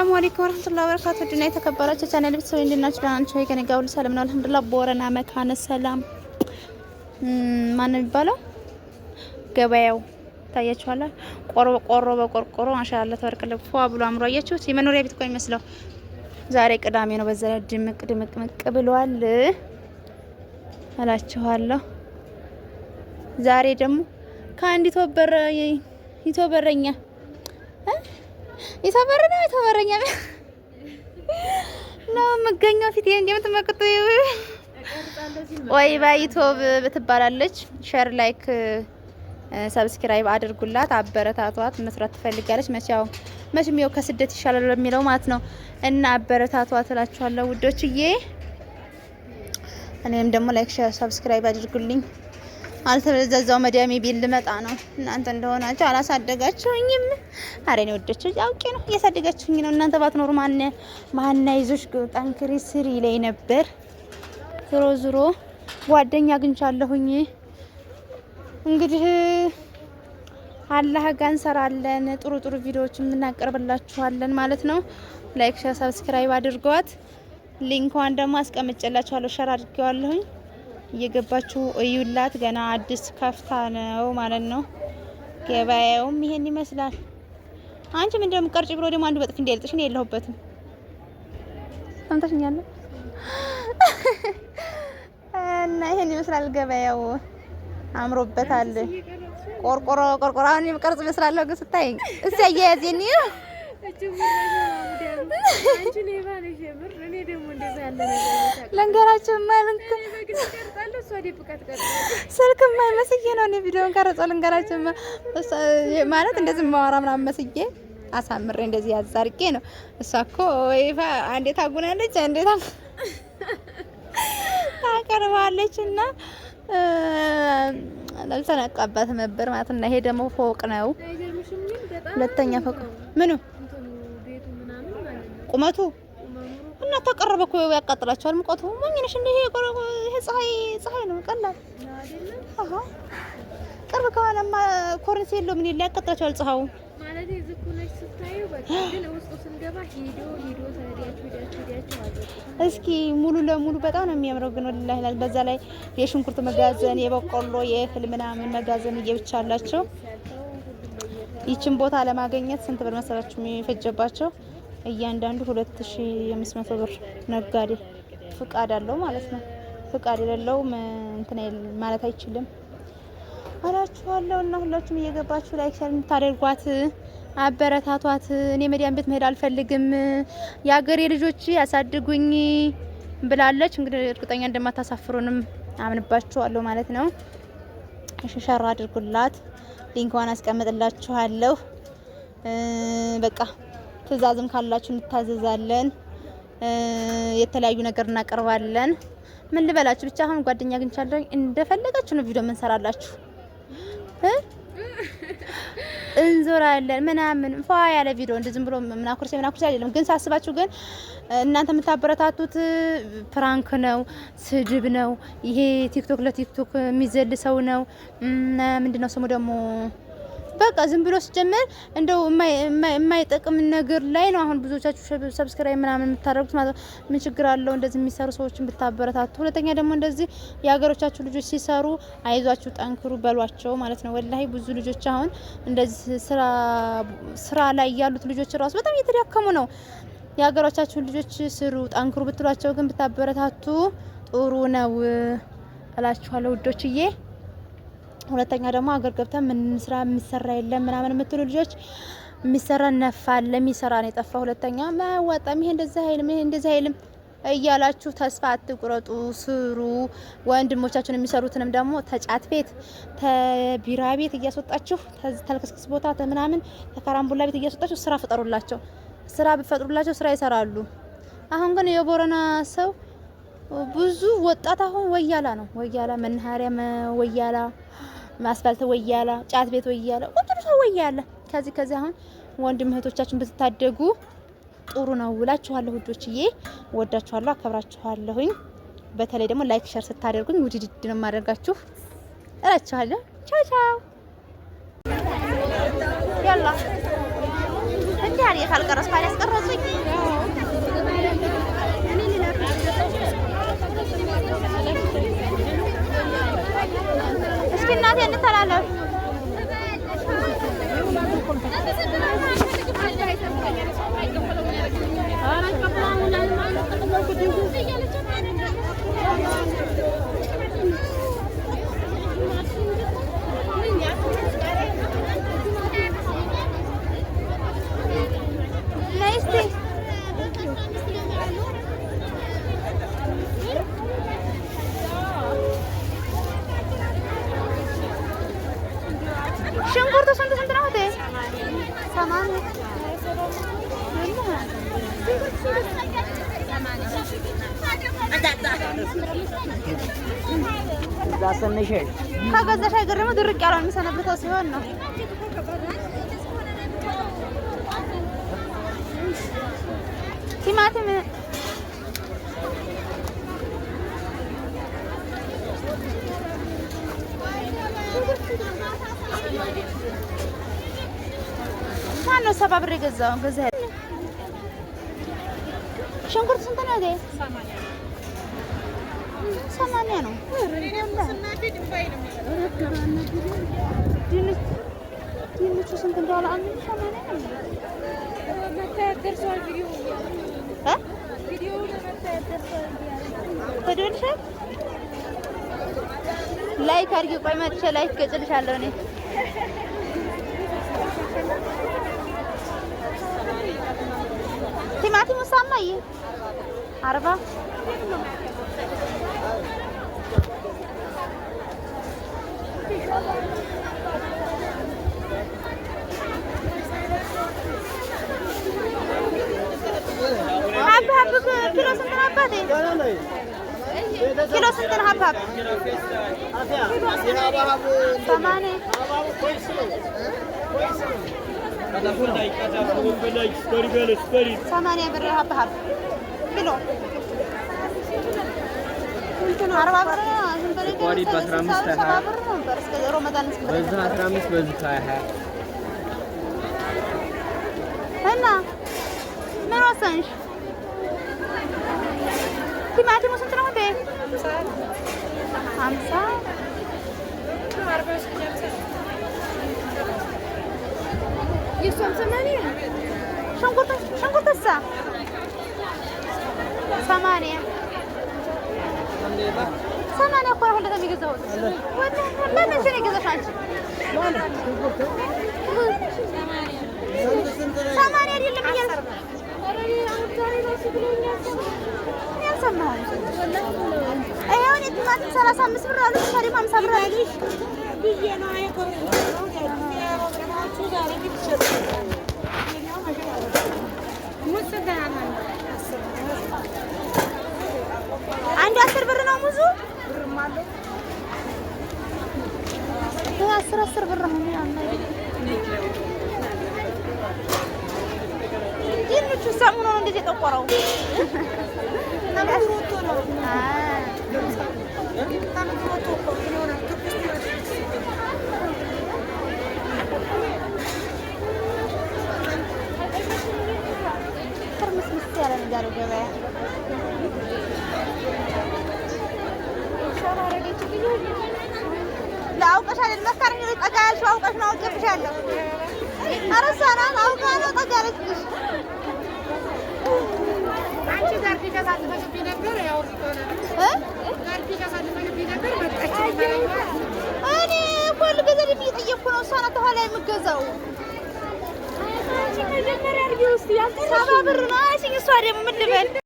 ሰላም አለይኩም ወራህመቱላሂ ወበረካቱ። ድና የተከበራችሁ ቻናል ቤተሰብ እንድናችሁ ደህና ናችሁ? ከኔ ጋር ሁሉ ሰላም ነው አልሐምዱሊላህ። ቦረና መካነ ሰላም ማን ነው የሚባለው ገበያው ታያችኋል። ቆሮ ቆሮ በቆርቆሮ ማሻአላ ተበርቀለ ፏ ብሎ አምሮ አያችሁት። የመኖሪያ ቤት እኮ የሚመስለው ዛሬ ቅዳሜ ነው። በዛ ላይ ድምቅ ድምቅ ምቅ ብሏል እላችኋለሁ። ዛሬ ደግሞ ከአንድ ኢትዮበረ በረኛ የተበረ ነው የተበረኛ ነው የምገኘው ፊት እንደምትመቅጡ ወይ ባይቶብ ብትባላለች። ሸር ላይክ ሰብስክራይብ አድርጉላት፣ አበረታቷት። መስራት ትፈልጋለች። መቼው መቼም ያው ከስደት ይሻላል በሚለው ማለት ነው እና አበረታቷት እላችኋለሁ ውዶችዬ። እኔም ደግሞ ላይክ ሸር ሰብስክራይብ አድርጉልኝ። አልተበዘዘው መዲያሚ ቢል ልመጣ ነው። እናንተ እንደሆናችሁ አላሳደጋችሁኝም። አሬን ወደችው አውቄ ነው እያሳደጋችሁኝ ነው። እናንተ ባትኖሩ ማን ማና ይዞሽ ጠንክሪ ስሪ ላይ ነበር። ዞሮ ዞሮ ጓደኛ አግኝቻለሁኝ። እንግዲህ አላህ ጋር እንሰራለን። ጥሩ ጥሩ ቪዲዮዎችን እናቀርብላችኋለን ማለት ነው። ላይክ፣ ሼር፣ ሰብስክራይብ አድርጓት። ሊንኳን ደግሞ አስቀምጬላችኋለሁ ሸር አድርጌዋለሁኝ። እየገባችሁ እዩላት። ገና አዲስ ከፍታ ነው ማለት ነው። ገበያውም ይሄን ይመስላል። አንቺ ምን ደም ቀርጭ ብሎ ደግሞ አንዱ በጥፍ እንዲያልጥሽ ነው። የለሁበትም ሰምተሽኛል። እና ይሄን ይመስላል ገበያው። አምሮበታል። ቆርቆሮ ቆርቆሮ አሁን ቀርጽ መስላለሁ ግን ስታይኝ እዚያ ነው ለንገራቸው ስልክ ማይ መስዬ ነው እኔ ቪዲዮን ቀረጸው ልንገራቸው ማለት እንደዚህ ማወራ ምናምን መስዬ አሳምሬ እንደዚህ ያዛርቄ ነው። እሷ እኮ ይፋ አንዴ ታጉናለች፣ አንዴ ታቀርባለች እና አልተነቃባትም ነበር ማለት እና ይሄ ደግሞ ፎቅ ነው ሁለተኛ ፎቅ ምኑ ቁመቱ እና ተቀረበ እኮ ያቃጥላቸዋል። ሙቀቱ ሞኝ ነሽ እንደ ይሄ ይሄ ፀሐይ ፀሐይ ነው ቀላል አሃ ቅርብ ከሆነማ ኮርኒስ የለው ምን ይላ ያቃጥላቸዋል ፀሐዩ ማለት እዚህ ነሽ ስታዩ በቃ ግን ስንገባ ሄዶ ሄዶ ተሪያችሁ ሄዳችሁ ሄዳችሁ አዘቁ እስኪ ሙሉ ለሙሉ በጣም ነው የሚያምረው። ግን ወላሂ ላይ በዛ ላይ የሽንኩርት መጋዘን የበቆሎ የእህል ምናምን መጋዘን እየብቻ አላቸው። ይችን ቦታ ለማገኘት ስንት ብር መሰላችሁ የሚፈጀባቸው? እያንዳንዱ ሁለት ሺ አምስት መቶ ብር ነጋዴ ፍቃድ አለው ማለት ነው። ፍቃድ የሌለው እንትን ማለት አይችልም አላችኋለሁ። እና ሁላችሁም እየገባችሁ ላይክ ሸር እንድታደርጓት አበረታቷት። እኔ መዲያን ቤት መሄድ አልፈልግም፣ የሀገሬ ልጆች ያሳድጉኝ ብላለች። እንግዲህ እርግጠኛ እንደማታሳፍሩንም አምንባችኋለሁ ማለት ነው። ሸር አድርጉላት። ሊንክዋን አስቀምጥላችኋለሁ። በቃ ትእዛዝም ካላችሁ እንታዘዛለን። የተለያዩ ነገር እናቀርባለን። ምን ልበላችሁ ብቻ አሁን ጓደኛ አግኝቻለሁ። እንደፈለጋችሁ ነው ቪዲዮ የምንሰራላችሁ እንዞራለን ምናምን ፏ ያለ ቪዲዮ እንደ ዝም ብሎ ምናኩርሴ ምናኩርሴ አይደለም። ግን ሳስባችሁ ግን እናንተ የምታበረታቱት ፕራንክ ነው፣ ስድብ ነው፣ ይሄ ቲክቶክ ለቲክቶክ የሚዘል ሰው ነው። ምንድነው ስሙ ደግሞ በቃ ዝም ብሎ ሲጀምር እንደው የማይጠቅም ነገር ላይ ነው። አሁን ብዙዎቻችሁ ሰብስክራይብ ምናምን የምታደርጉት ማለት ምን ችግር አለው? እንደዚህ የሚሰሩ ሰዎችን ብታበረታቱ። ሁለተኛ ደግሞ እንደዚህ የሀገሮቻችሁ ልጆች ሲሰሩ አይዟችሁ፣ ጠንክሩ በሏቸው ማለት ነው። ወላሂ ብዙ ልጆች አሁን እንደዚህ ስራ ላይ ያሉት ልጆች ራሱ በጣም እየተዳከሙ ነው። የሀገሮቻችሁን ልጆች ስሩ፣ ጠንክሩ ብትሏቸው ግን ብታበረታቱ ጥሩ ነው እላችኋለሁ ውዶችዬ። ሁለተኛ ደግሞ አገር ገብተን ምን ስራ የሚሰራ የለም ምናምን የምትሉ ልጆች የሚሰራ ነፋል ለሚሰራ ነው የጠፋ። ሁለተኛ ማያዋጣም ይሄ እንደዚህ አይልም ይሄ እንደዚህ አይልም እያላችሁ ተስፋ አትቁረጡ፣ ስሩ። ወንድሞቻችሁን የሚሰሩትንም ደግሞ ተጫት ቤት ተቢራ ቤት እያስወጣችሁ ተልክስክስ ቦታ ተምናምን ተካራምቡላ ቤት እያስወጣችሁ ስራ ፍጠሩላቸው። ስራ ብፈጥሩላቸው ስራ ይሰራሉ። አሁን ግን የቦረና ሰው ብዙ ወጣት አሁን ወያላ ነው ወያላ መናኸሪያ ወያላ ማስፋልት ወያላ፣ ጫት ቤት ወያላ፣ ቁጥሩ ሰው ወያላ። ከዚህ ከዚህ አሁን ወንድም እህቶቻችን ብትታደጉ ጥሩ ነው ውላችኋለሁ። ውዶችዬ ወዳችኋለሁ፣ አከብራችኋለሁኝ። በተለይ ደግሞ ላይክ ሸር ስታደርጉኝ ውድድድ ነው የማደርጋችሁ እላችኋለሁ። ቻው ቻው። ያላ እንዴ አሪፍ አልቀረስ ካል ያስቀረጹኝ እናቴ እንተላለፍ ከገዛሽ አይገር ድርቅ ያለውን የሚሰነብተው ሲሆን ነው። ቲማቲም ማነው ሰባ ብር የገዛው? ሽንኩርት ስንት ነው? ሰማንያ ነው። ድንቹ ስንት እንደሆነ አንዱ ሰማንያ ነው። ላይክ አድርጊ። ቆይ መጥቼ ላይክ ገጭልሻለሁ እኔ ቲማቲም ሳማዬ አርባ አባቴ ኪሎ ስንት ነው ሀብሀብ? ሰማንያ ብር ሀብሀብ ኪሎ አርባ ብር እና ምን ወሰንሽ? ती माती वसंतरामध्ये आमचा शंकुत शंकुतच सामान्य सामान्य अकोला म्हणतात आम्ही घेतो नाही घेतो सामान्य सामान्य ሰላሳ አምስት ብር አንድ አስር ብር ነው ሙዙ። አስር አስር ብር ነው ሰሙኑን እንደዚህ የጠቆረው لا አውቀሻለሁ መካረኝ ጠጋ ያልሽው አውቀሽ ነው አውቄብሻለሁ። ኧረ እሷ ናት አውቃ ነው ጠጋ ያለችሽ እኔ ሰባ ብር ነው አልሽኝ። እሷ ደግሞ ምን ልበል